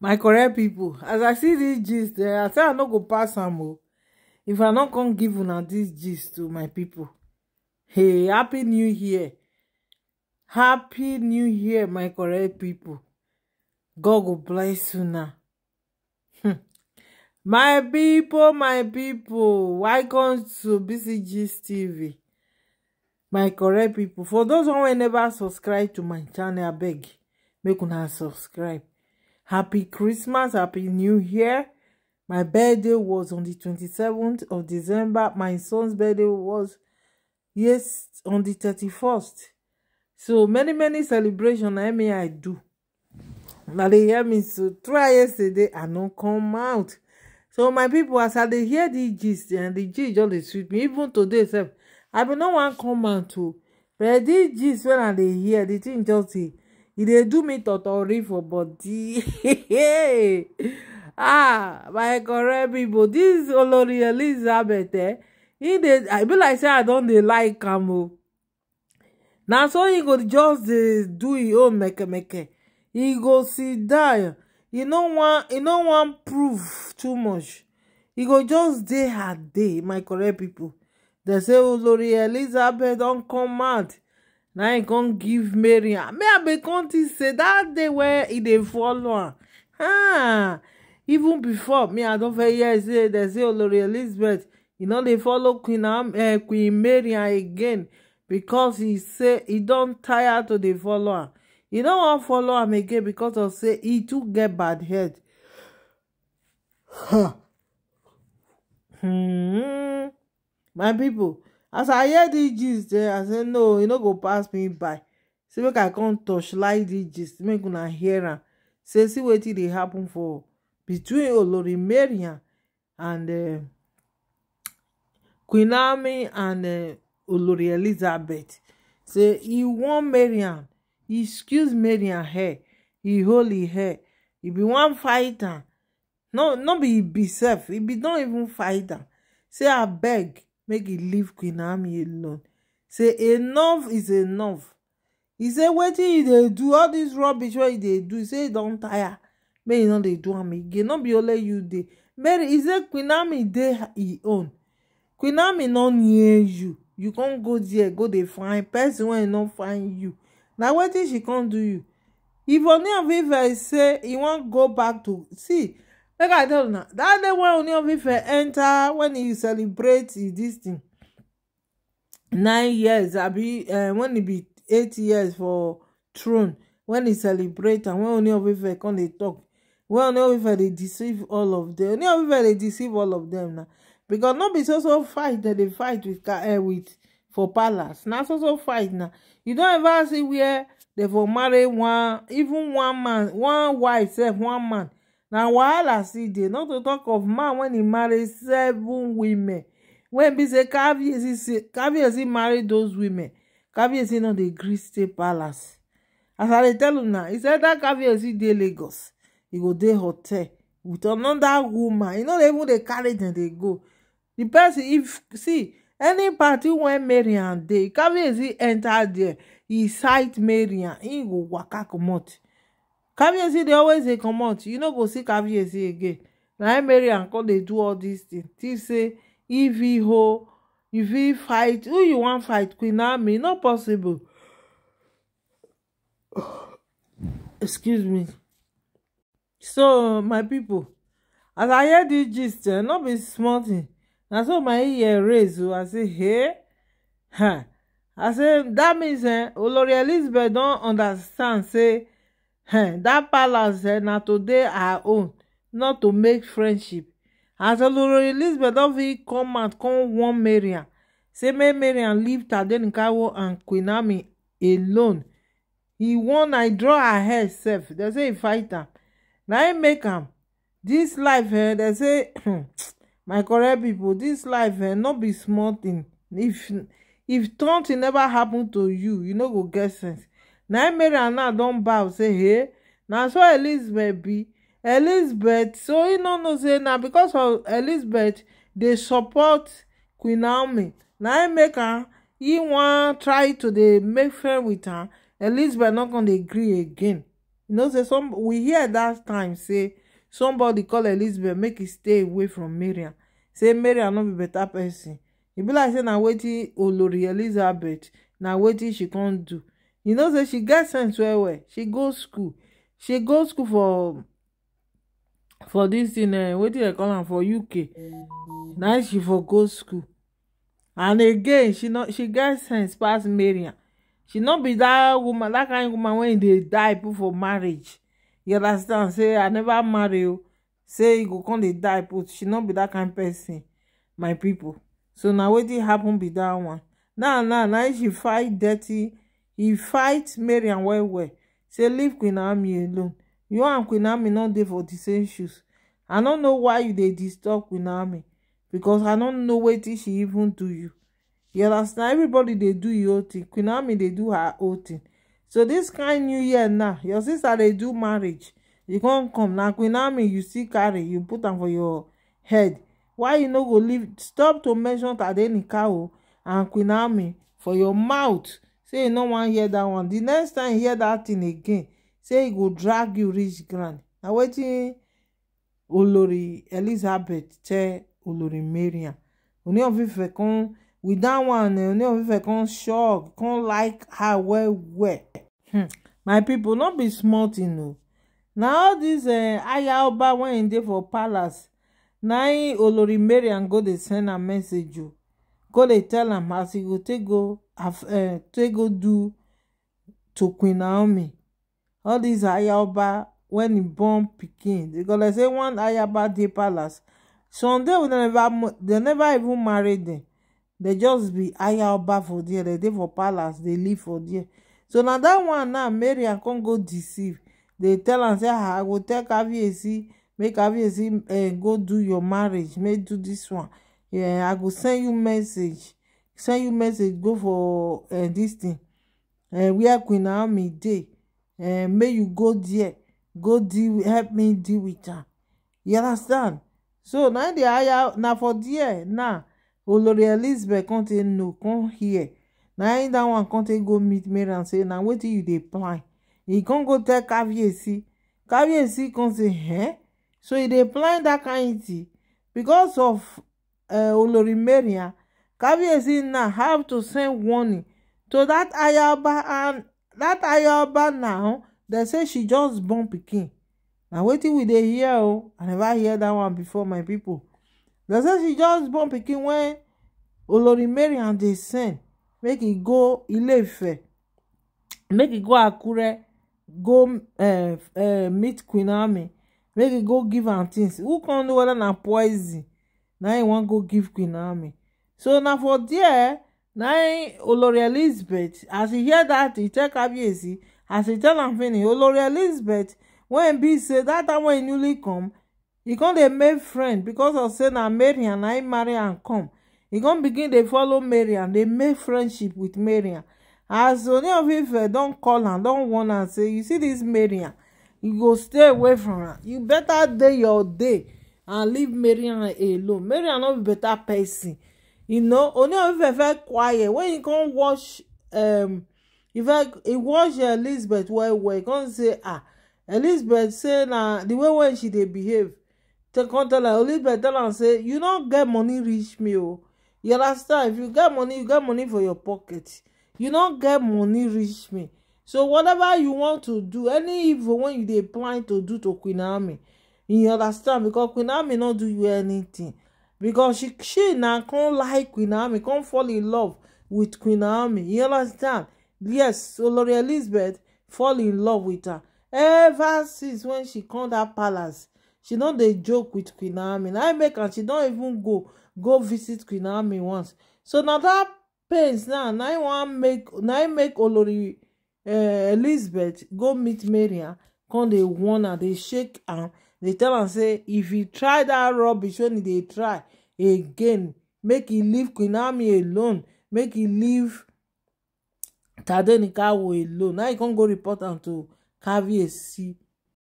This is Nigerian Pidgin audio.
my correct people, as i see dis gist eh, i say i no go pass am o oh. if i no come give una dis gist to my people, hey happy new year happy new year my correct people. god go bless una hmm. my people, my people, welcome to BCG tv my correct people, for those one wey never subscribe to my channel abeg make una subscribe Happy Christmas, Happy New Year. My birthday was on the 27th of December. My son's birthday was yes on the 31st. So many, many celebrations. I may I do. Now they hear me so try yesterday and not come out. So my people, as I dey hear the gist and eh, the gist just dey sweet me. Even today sef, I bin no one come out o. But the gist when I dey hear, the thing just dey e dey do me totori for body ah my correct pipo dis olori elizabeth eh dey i be like say i don dey like am o oh. na so e go just dey do e own meke meke e go sit down e no wan prove too much e go just dey her day my correct pipo dem say olori elizabeth don come out na him come give mary may i be come think say that day wey He dey follow am ah even before me i don very hear say dem say olori oh, elizabeth e no dey follow queen eh, Queen mary again because he say he don tire to dey follow am e no wan follow am again because of say he too get bad head Huh. hmm my people as i hear dis gist eh, i say no e no go pass me by say make i come touch light dis gist make una hear am say see wetin dey happen for between olori mariam and eh, queen Ami and eh, olori elizabeth say he wan mariam He excuse mariam hair He hold e hair He be wan fighter. am no be e be sef He be don even fight am say abeg make e leave queen naomi alone say enough is enough He say wetin e dey do all this rubbish wey he dey do say e don tire make he no dey do am again no be only you dey mary he say queen naomi dey e own queen naomi no near you you con go there go dey find person wey no find you na wetin she con do you if oni of ife say he wan go back to see make i tell una dat day when union fife enter when e celebrate this thing nine years I abi eh, when e be eight years for throne when e celebrate and wen union fife come they talk when union fife dey deceive all of them. union fife dey deceive all of them now because no be so so fight that they fight with eh, with for palace na so so fight now. you don't ever see where they for marry one even one man one wife sef one man na wahala still dey not to talk of man when he marry seven women wen be say caviezi marry those women caviezi no dey gree stay palace as i dey tell una e say dat caviezi dey lagos He go dey hotel with another woman He no dey even dey carry dem dey go The person if see any party wen marian dey caviezi enter there He sight marian He go waka comot caviarcy dey always dey comot you no go see caviarcy again na im marry am come dey do all these things think say if he ho you fit fight who you wan fight queen naomi no possible excuse me so my people, as i hear this, gist eh no be small tin na so my ear raise o oh, i say hey huh?" i say "That means eh olori elizabeth don understand say um dat palace um na to dey her own not to make friendship as olori elizabeth don fit come out come warn mariam say make mariam leave tadenikawo and queen alone He warn i draw her head sef dem say e fight am na im make am dis life eh dem say my correct pipo dis life eh no be small tin if if something never happen to you you no go get sense na mary and now don bow say hey na so elizabeth be elizabeth so e no know say na because of elizabeth dey support queen naomi na im make am he wan try to dey make friend with am elizabeth no con dey gree again you know say some we hear that time say somebody call elizabeth make he stay away from marian say marian no be better person e be like say na wetin olori elizabeth na wetin she con do you know say she get sense well well she go school she go school for for this thing eh wetin dem call am for uk na she for go school and again she she get sense pass marian she no be that woman that kind woman wey dey die put for marriage you understand say i never marry o say e go come dey die put she no be that kind person my people. so na wetin happen be that one now now na she fight dirty He fight mariam well well say leave queen naomi alone you and queen naomi no dey for the same shoes i no know why you dey disturb queen naomi because i no know wetin she even do you you understand everybody dey do your own thing queen naomi dey do her own thing so this kind new year now your sister dey do marriage you con come na queen naomi you still carry you put am for your head why you no go leave stop to mention tadenika o and queen naomi for your mouth say you no wan hear that one The next time you hear that thing again say e go drag you reach ground na wetin olori elizabeth tell olori mariam oni of ife come with that one eh? oni of ife come shock come like her well well hmm. my people, no be small tin o oh. na all dis eh, ayaoba wey dey for palace na olori mariam go dey send am message o oh go dey tell am as e go take go eh, take go do to queen naomi all these ayaba when e born pikin because dem say one ayaba dey palace some dey they never even marry them. They just be ayaba for there they dey for palace they live for there so na that one now maria come go deceive They tell am say ah, i go tell caviarcy make caviarcy eh, go do your marriage make do this one yeah i go send you message send you message go for uh, eh, dis thing uh, eh, are queen naomi dey uh, eh, make you go there go deal help me deal with her. you understand so now the hire na for there now olori elizabeth come take know come here Now im dat one come go meet mariam say na wetin you dey plan e come go tell kabiyesi kabiyesi come say eh so e dey plan dat kain thing because of olorimeria eh, kabiyesi now have to send warning to dat ayaba and dat ayaba now dem say she just born pikin na wetin we dey hear o i never hear dat one before my pipo dem say she just born pikin wen olorimeria dey send make e go ileife make e go akure go uh uh meet queen ami make e go give am things who con know whether na poison na im wan go give queen naomi so na for there na olori elizabeth as e hear dat e tell kabiyesi as e tell am finish olori elizabeth wen be say dat time wey e newly come e con dey make friend because of say na marian na im marry am come e con begin dey follow marian dey make friendship with marian as oni of ife don call am don warn am say you see dis marian you go stay away from am you better dey your day and leave mariam alone mariam not be better person you know Only Ooni very quiet when he come watch um if I, he watch elizabeth well well he come say ah elizabeth say na the way when she dey behave take come tell her elizabeth tell am say you don't get money reach me o oh. you understand if you get money you get money for your pocket you don't get money reach me so whatever you want to do any evil wey you dey plan to do to Queen Naomi you understand because queen naomi no do you anything because she she na come like queen naomi come fall in love with queen naomi you understand yes olori elizabeth fall in love with her ever since when she come dat palace she don dey joke with queen naomi na im make am she don even go go visit queen naomi once so na that pains now na im wan make na im make olori eh, elizabeth go meet maria come dey warn her dey shake am They tell am say if he try that rubbish when e dey try again make he leave queen alone make he leave tadenikawo alone now he come go report am to kabiyesi